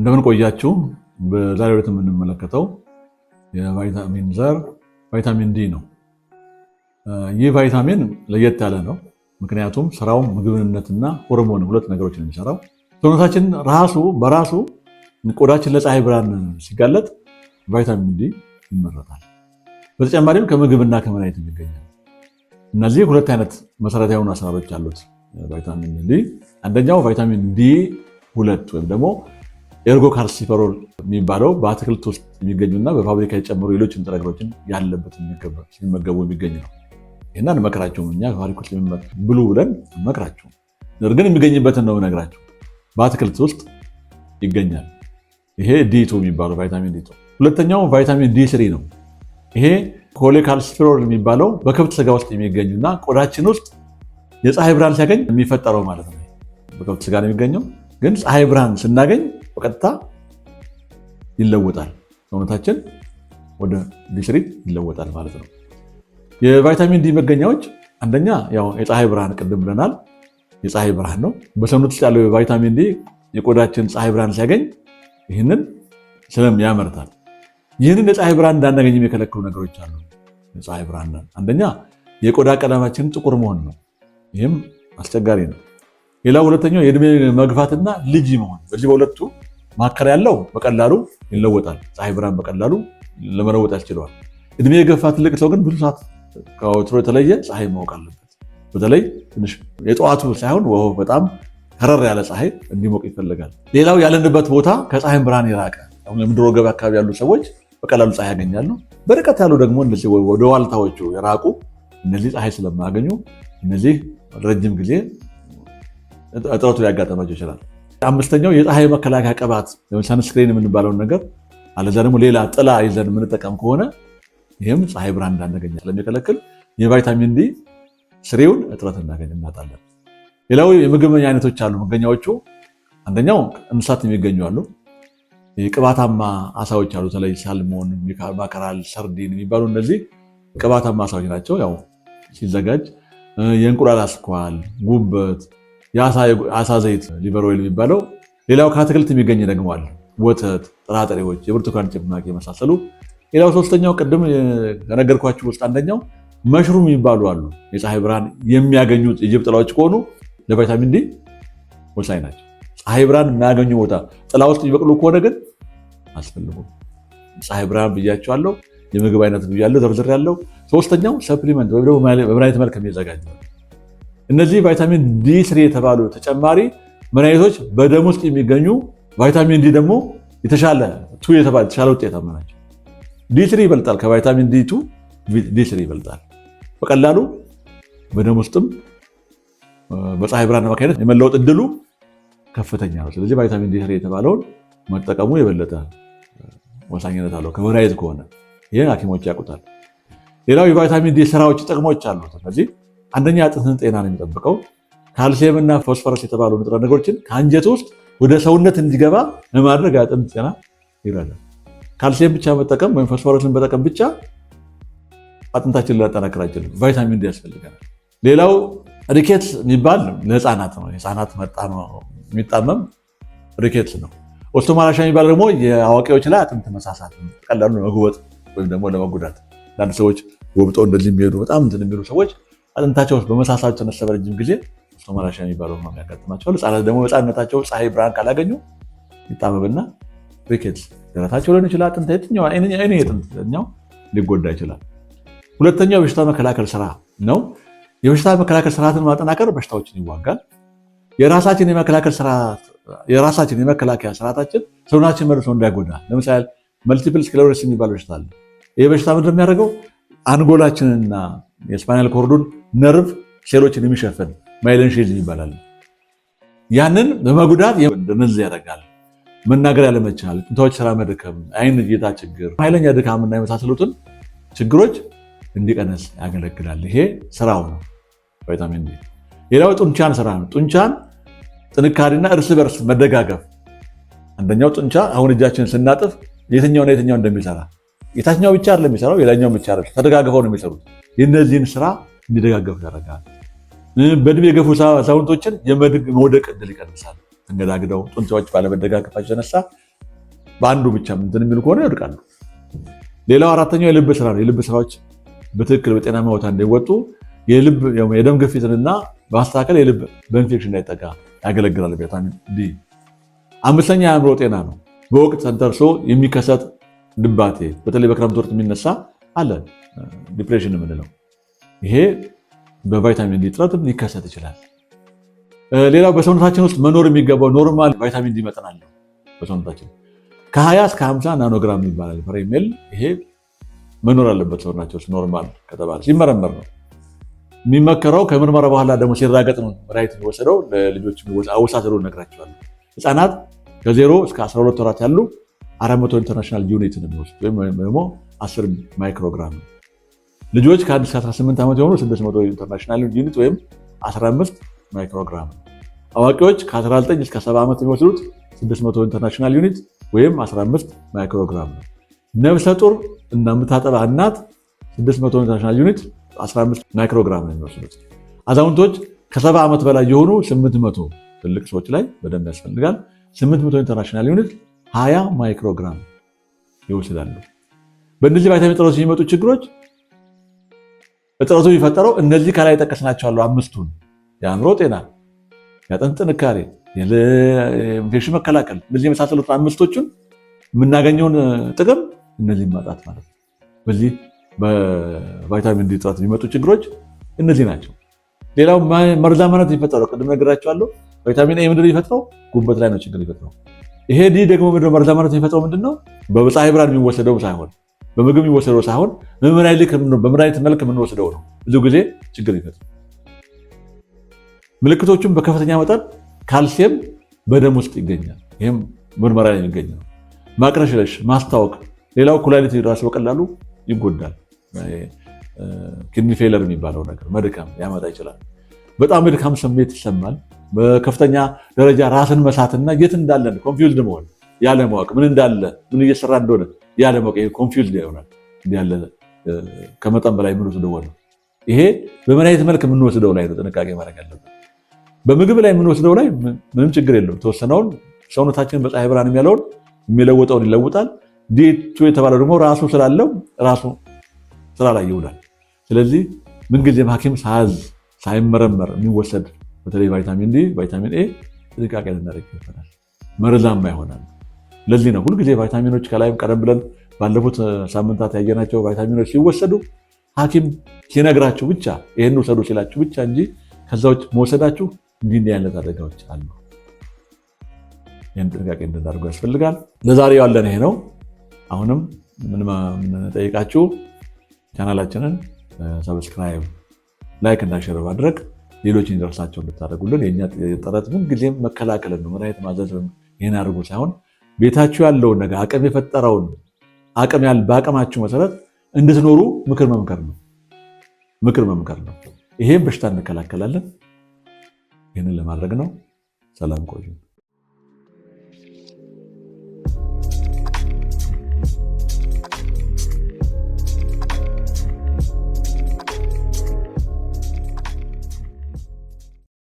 እንደምን ቆያችሁ። በዛሬው ዕለት የምንመለከተው የቫይታሚን ዘር ቫይታሚን ዲ ነው። ይህ ቫይታሚን ለየት ያለ ነው። ምክንያቱም ስራው ምግብንነትና ሆርሞን ሁለት ነገሮችን የሚሰራው ሰውነታችን ራሱ በራሱ ቆዳችን ለፀሐይ ብርሃን ሲጋለጥ ቫይታሚን ዲ ይመረታል። በተጨማሪም ከምግብና ከመድኃኒት ይገኛል። እነዚህ ሁለት አይነት መሰረታዊ አሰራሮች አሉት ቫይታሚን ዲ። አንደኛው ቫይታሚን ዲ ሁለት ወይም ደግሞ ኤርጎ ካልሲፈሮል የሚባለው በአትክልት ውስጥ የሚገኙና በፋብሪካ የጨመሩ ሌሎች ንጥረ ነገሮችን ያለበት ሲመገቡ የሚገኝ ነው። ይህና እንመክራቸውም እኛ የሚመ ብሉ ብለን እንመክራቸው፣ ነገር ግን የሚገኝበትን ነው ነግራቸው በአትክልት ውስጥ ይገኛል። ይሄ ዲቱ የሚባለው ቫይታሚን ዲቱ። ሁለተኛው ቫይታሚን ዲ ስሪ ነው። ይሄ ኮሌካልሲፈሮል የሚባለው በከብት ስጋ ውስጥ የሚገኙና ቆዳችን ውስጥ የፀሐይ ብርሃን ሲያገኝ የሚፈጠረው ማለት ነው። በከብት ስጋ ነው የሚገኘው፣ ግን ፀሐይ ብርሃን ስናገኝ በቀጥታ ይለወጣል። ሰውነታችን ወደ ግሊሰሪን ይለወጣል ማለት ነው። የቫይታሚን ዲ መገኛዎች አንደኛ ያው የፀሐይ ብርሃን ቅድም ብለናል፣ የፀሐይ ብርሃን ነው። በሰውነት ውስጥ ያለው የቫይታሚን ዲ የቆዳችን ፀሐይ ብርሃን ሲያገኝ ይህንን ስለም ያመርታል። ይህንን የፀሐይ ብርሃን እንዳናገኝ የሚከለክሉ ነገሮች አሉ። የፀሐይ ብርሃን አንደኛ የቆዳ ቀለማችን ጥቁር መሆን ነው። ይህም አስቸጋሪ ነው። ሌላው ሁለተኛው የእድሜ መግፋትና ልጅ መሆን በዚህ በሁለቱ ማከር ያለው በቀላሉ ይለወጣል። ፀሐይ ብርሃን በቀላሉ ለመለወጥ ያስችለዋል። እድሜ የገፋ ትልቅ ሰው ግን ብዙ ሰዓት ከወትሮ የተለየ ፀሐይ ማወቅ አለበት። በተለይ ትንሽ የጠዋቱ ሳይሆን ወ በጣም ከረር ያለ ፀሐይ እንዲሞቅ ይፈልጋል። ሌላው ያለንበት ቦታ ከፀሐይ ብርሃን የራቀ የምድር ወገብ አካባቢ ያሉ ሰዎች በቀላሉ ፀሐይ ያገኛሉ። በርቀት ያሉ ደግሞ እነዚህ ወደ ዋልታዎቹ የራቁ እነዚህ ፀሐይ ስለማያገኙ እነዚህ ረጅም ጊዜ እጥረቱ ሊያጋጠማቸው ይችላል። አምስተኛው የፀሐይ መከላከያ ቅባት ሳንስክሪን የምንባለውን ነገር አለዛ ደግሞ ሌላ ጥላ ይዘን የምንጠቀም ከሆነ ይህም ፀሐይ ብርሃን እንዳናገኝ ስለሚከለክል የቫይታሚን ዲ ስሬውን እጥረት እናገኝ እናጣለን። ሌላው የምግበኛ አይነቶች አሉ። መገኛዎቹ አንደኛው እንስሳት የሚገኙ አሉ። ቅባታማ አሳዎች አሉ። ተለይ ሳልሞን፣ ማከራል፣ ሰርዲን የሚባሉ እነዚህ ቅባታማ አሳዎች ናቸው። ያው ሲዘጋጅ የእንቁላል አስኳል፣ ጉበት የአሳ ዘይት ሊቨር ኦይል የሚባለው ሌላው ከአትክልት የሚገኝ ደግሞ አለ፣ ወተት፣ ጥራጥሬዎች፣ የብርቱካን ጭማቂ የመሳሰሉ። ሌላው ሶስተኛው ቅድም ከነገርኳችሁ ውስጥ አንደኛው መሽሩም የሚባሉ አሉ። የፀሐይ ብርሃን የሚያገኙት የጅብ ጥላዎች ከሆኑ ለቫይታሚን ዲ ወሳኝ ናቸው። ፀሐይ ብርሃን የማያገኙ ቦታ ጥላ ውስጥ የሚበቅሉ ከሆነ ግን አስፈልጉም። ፀሐይ ብርሃን ብያቸዋለሁ፣ የምግብ አይነት ብያለሁ፣ ዘርዝር ያለው ሶስተኛው ሰፕሊመንት ወይም ደግሞ በመድኃኒት መልክ የሚዘጋጅ እነዚህ ቫይታሚን ዲ3 የተባሉ ተጨማሪ መድኃኒቶች በደም ውስጥ የሚገኙ ቫይታሚን ዲ ደግሞ የተሻለ ቱ የተባለ የተሻለ ውጤት ናቸው። ዲ3 ይበልጣል ከቫይታሚን ዲ ዲ3 ይበልጣል። በቀላሉ በደም ውስጥም በፀሐይ ብርሃን አማካኝነት የመለወጥ እድሉ ከፍተኛ ነው። ስለዚህ ቫይታሚን ዲ3 የተባለውን መጠቀሙ የበለጠ ወሳኝነት አለው ከመድኃኒት ከሆነ ይህን ሐኪሞች ያውቁታል። ሌላው የቫይታሚን ዲ ስራዎች ጥቅሞች አሉት እነዚህ አንደኛ አጥንትን ጤና ነው የሚጠብቀው። ካልሲየም እና ፎስፈረስ የተባሉ ንጥረ ነገሮችን ከአንጀት ውስጥ ወደ ሰውነት እንዲገባ ለማድረግ የአጥንት ጤና ይረዳል። ካልሲየም ብቻ መጠቀም ወይም ፎስፈረስን መጠቀም ብቻ አጥንታችን ልናጠናክር አይችልም። ቫይታሚን ዲ ያስፈልገናል። ሌላው ሪኬት የሚባል ለህፃናት ነው። የህፃናት መጣ ነው የሚጣመም ሪኬት ነው። ኦስቶማላሻ የሚባል ደግሞ የአዋቂዎች ላይ አጥንት መሳሳት ቀላሉ ለመጉበጥ ወይም ደግሞ ለመጉዳት ለአንድ ሰዎች ወብጦ እንደዚህ የሚሄዱ በጣም እንትን የሚሉ ሰዎች አጥንታቸው ውስጥ በመሳሳብ የተነሳ በረጅም ጊዜ ሶማላሻ የሚባለው ህመም ያጋጥማቸዋል። ህጻናት ደግሞ ህጻንነታቸው ፀሐይ ብርሃን ካላገኙ ይጣበብና ሪኬትስ ደረታቸው ሊሆን ይችላል። አጥንት የትኛው ሊጎዳ ይችላል። ሁለተኛው በሽታ መከላከል ስራ ነው። የበሽታ መከላከል ስርዓትን ማጠናከር በሽታዎችን ይዋጋል። የራሳችን የመከላከል የራሳችን የመከላከያ ስርዓታችን ሰውናችን መልሶ እንዳይጎዳ፣ ለምሳሌ መልቲፕል ስክሌሮሲስ የሚባል በሽታ አለ። ይህ በሽታ ምንድን የሚያደርገው አንጎላችንና የስፓይናል ኮርዱን ነርቭ ሴሎችን የሚሸፍን ማይለን ሼዝ ይባላል። ያንን በመጉዳት ደንዝ ያደርጋል። መናገር ያለመቻል፣ ጡንቻዎች ስራ መድከም፣ አይን እይታ ችግር፣ ኃይለኛ ድካምና የመሳሰሉትን ችግሮች እንዲቀነስ ያገለግላል። ይሄ ስራው ነው ቫይታሚን ዲ። ሌላው ጡንቻን ስራ ነው። ጡንቻን ጥንካሬና እርስ በርስ መደጋገፍ። አንደኛው ጡንቻ አሁን እጃችን ስናጥፍ የትኛውና የትኛው እንደሚሰራ የታችኛው ብቻ ለሚሰራው የላኛው ብቻ ተደጋግፈው ነው የሚሰሩት። የእነዚህን ስራ እንዲደጋገፉ ያደርጋል። በእድሜ የገፉ ሳውንቶችን የመውደቅ እድል ይቀንሳል። እንገዳግደው ጡንቻዎች ባለመደጋገፋቸው የተነሳ በአንዱ ብቻ እንትን የሚሉ ከሆነ ይወድቃሉ። ሌላው አራተኛው የልብ ስራ ነው። የልብ ስራዎች በትክክል በጤናማ ቦታ እንዲወጡ የደም ግፊትንና በማስተካከል የልብ በኢንፌክሽን እንዳይጠቃ ያገለግላል ቪታሚን ዲ። አምስተኛ የአእምሮ ጤና ነው። በወቅት ተንተርሶ የሚከሰት ድባቴ፣ በተለይ በክረምት ወርት የሚነሳ አለ ዲፕሬሽን የምንለው ይሄ በቫይታሚን ዲ እጥረት ሊከሰት ይችላል። ሌላው በሰውነታችን ውስጥ መኖር የሚገባው ኖርማል ቫይታሚን ዲ መጠን አለ በሰውነታችን ከ20 እስከ 50 ናኖግራም ይባላል ፐር ኤም ይሄ መኖር አለበት ሰውነታችን ውስጥ ኖርማል ከተባለ ሲመረመር ነው የሚመከረው። ከምርመራ በኋላ ደግሞ ሲራገጥ ነው መድኃኒት የሚወሰደው። ለልጆች አወሳሰዱ እነግራቸዋለሁ። ህፃናት ከዜሮ እስከ 12 ወራት ያሉ 400 ኢንተርናሽናል ዩኒት ነው የሚወስድ ወይም ደግሞ 10 ማይክሮግራም ነው። ልጆች ከ1 18 ዓመት የሆኑ 600 ኢንተርናሽናል ዩኒት ወይም 15 ማይክሮግራም፣ አዋቂዎች ከ19 እስከ 70 ዓመት የሚወስዱት 600 ኢንተርናሽናል ዩኒት ወይም 15 ማይክሮግራም ነው። ነፍሰ ጡር እና የምታጠባ እናት 600 ኢንተርናሽናል ዩኒት 15 ማይክሮግራም ነው የሚወስዱት። አዛውንቶች ከ ከሰባ ዓመት በላይ የሆኑ 800 ትልቅ ሰዎች ላይ በደንብ ያስፈልጋል 800 ኢንተርናሽናል ዩኒት 20 ማይክሮግራም ይወስዳሉ። በእነዚህ ቫይታሚን ጥረው የሚመጡ ችግሮች እጥረቱ የሚፈጠረው እነዚህ ከላይ ጠቀስናቸው አሉ አምስቱን የአእምሮ ጤና፣ የአጥንት ጥንካሬ፣ ኢንፌክሽን መከላከል እነዚህ የመሳሰሉት አምስቶቹን የምናገኘውን ጥቅም እነዚህ ማጣት ማለት ነው። በዚህ በቫይታሚን ዲ እጥረት የሚመጡ ችግሮች እነዚህ ናቸው። ሌላው መርዛማነት የሚፈጠረው ቅድም ነግራቸዋለሁ። ቫይታሚን ኤ ምንድን የሚፈጥረው? ጉበት ላይ ነው ችግር የሚፈጥረው። ይሄ ዲ ደግሞ መርዛማነት የሚፈጥረው ምንድን ነው? በፀሐይ ብርሃን የሚወሰደው ሳይሆን በምግብ የሚወሰደው ሳይሆን በምን መልክ የምንወስደው ነው ብዙ ጊዜ ችግር ይፈጥራል። ምልክቶቹም በከፍተኛ መጠን ካልሲየም በደም ውስጥ ይገኛል። ይህም ምርመራ የሚገኝ ነው። ማቅለሽለሽ፣ ማስታወክ። ሌላው ኩላሊት ራሱ በቀላሉ ይጎዳል። ኪድኒ ፌለር የሚባለው ነገር መድካም ያመጣ ይችላል። በጣም የድካም ስሜት ይሰማል። በከፍተኛ ደረጃ ራስን መሳትና የት እንዳለን ኮንፊውዝድ መሆን ያለማወቅ ምን እንዳለ ምን እየሰራ እንደሆነ ያለማወቅ ኮንፊውዝ ይሆናል ያለ ከመጠን በላይ የምንወስደው ነው። ይሄ በመድኃኒት መልክ የምንወስደው ላይ ነው ጥንቃቄ ማድረግ ያለብን። በምግብ ላይ የምንወስደው ላይ ምንም ችግር የለውም። ተወሰነውን ሰውነታችን በፀሐይ ብርሃን ያለውን የሚለወጠውን ይለውጣል። ዲቱ የተባለው ደግሞ ራሱ ስላለው ራሱ ስራ ላይ ይውላል። ስለዚህ ምንጊዜም ሐኪም ሳያዝ ሳይመረመር የሚወሰድ በተለይ ቫይታሚን ዲ፣ ቫይታሚን ኤ ጥንቃቄ ልናደርግ ይፈናል። መርዛማ ይሆናል። ለዚህ ነው ሁልጊዜ ቫይታሚኖች ከላይም ቀደም ብለን ባለፉት ሳምንታት ያየናቸው ቫይታሚኖች ሲወሰዱ ሐኪም ሲነግራችሁ ብቻ ይህን ውሰዱ ሲላችሁ ብቻ እንጂ ከዛ ውጭ መውሰዳችሁ እንዲህ አይነት አደጋዎች አሉ። ይህን ጥንቃቄ እንድናደርጉ ያስፈልጋል። ለዛሬ ያለን ይሄ ነው። አሁንም ምንጠይቃችሁ ቻናላችንን ሰብስክራይብ፣ ላይክ እንዳሸር ማድረግ ሌሎች እንዲደርሳቸው እንድታደርጉልን የእኛ ጥረት ምንጊዜም መከላከልን ነው። መድኃኒት ማዘዝ ይህን አድርጉ ሳይሆን ቤታችሁ ያለውን ነገር አቅም የፈጠረውን አቅም በአቅማችሁ መሰረት እንድትኖሩ ምክር መምከር ነው። ምክር መምከር ነው። ይሄን በሽታ እንከላከላለን። ይህንን ለማድረግ ነው። ሰላም ቆዩ።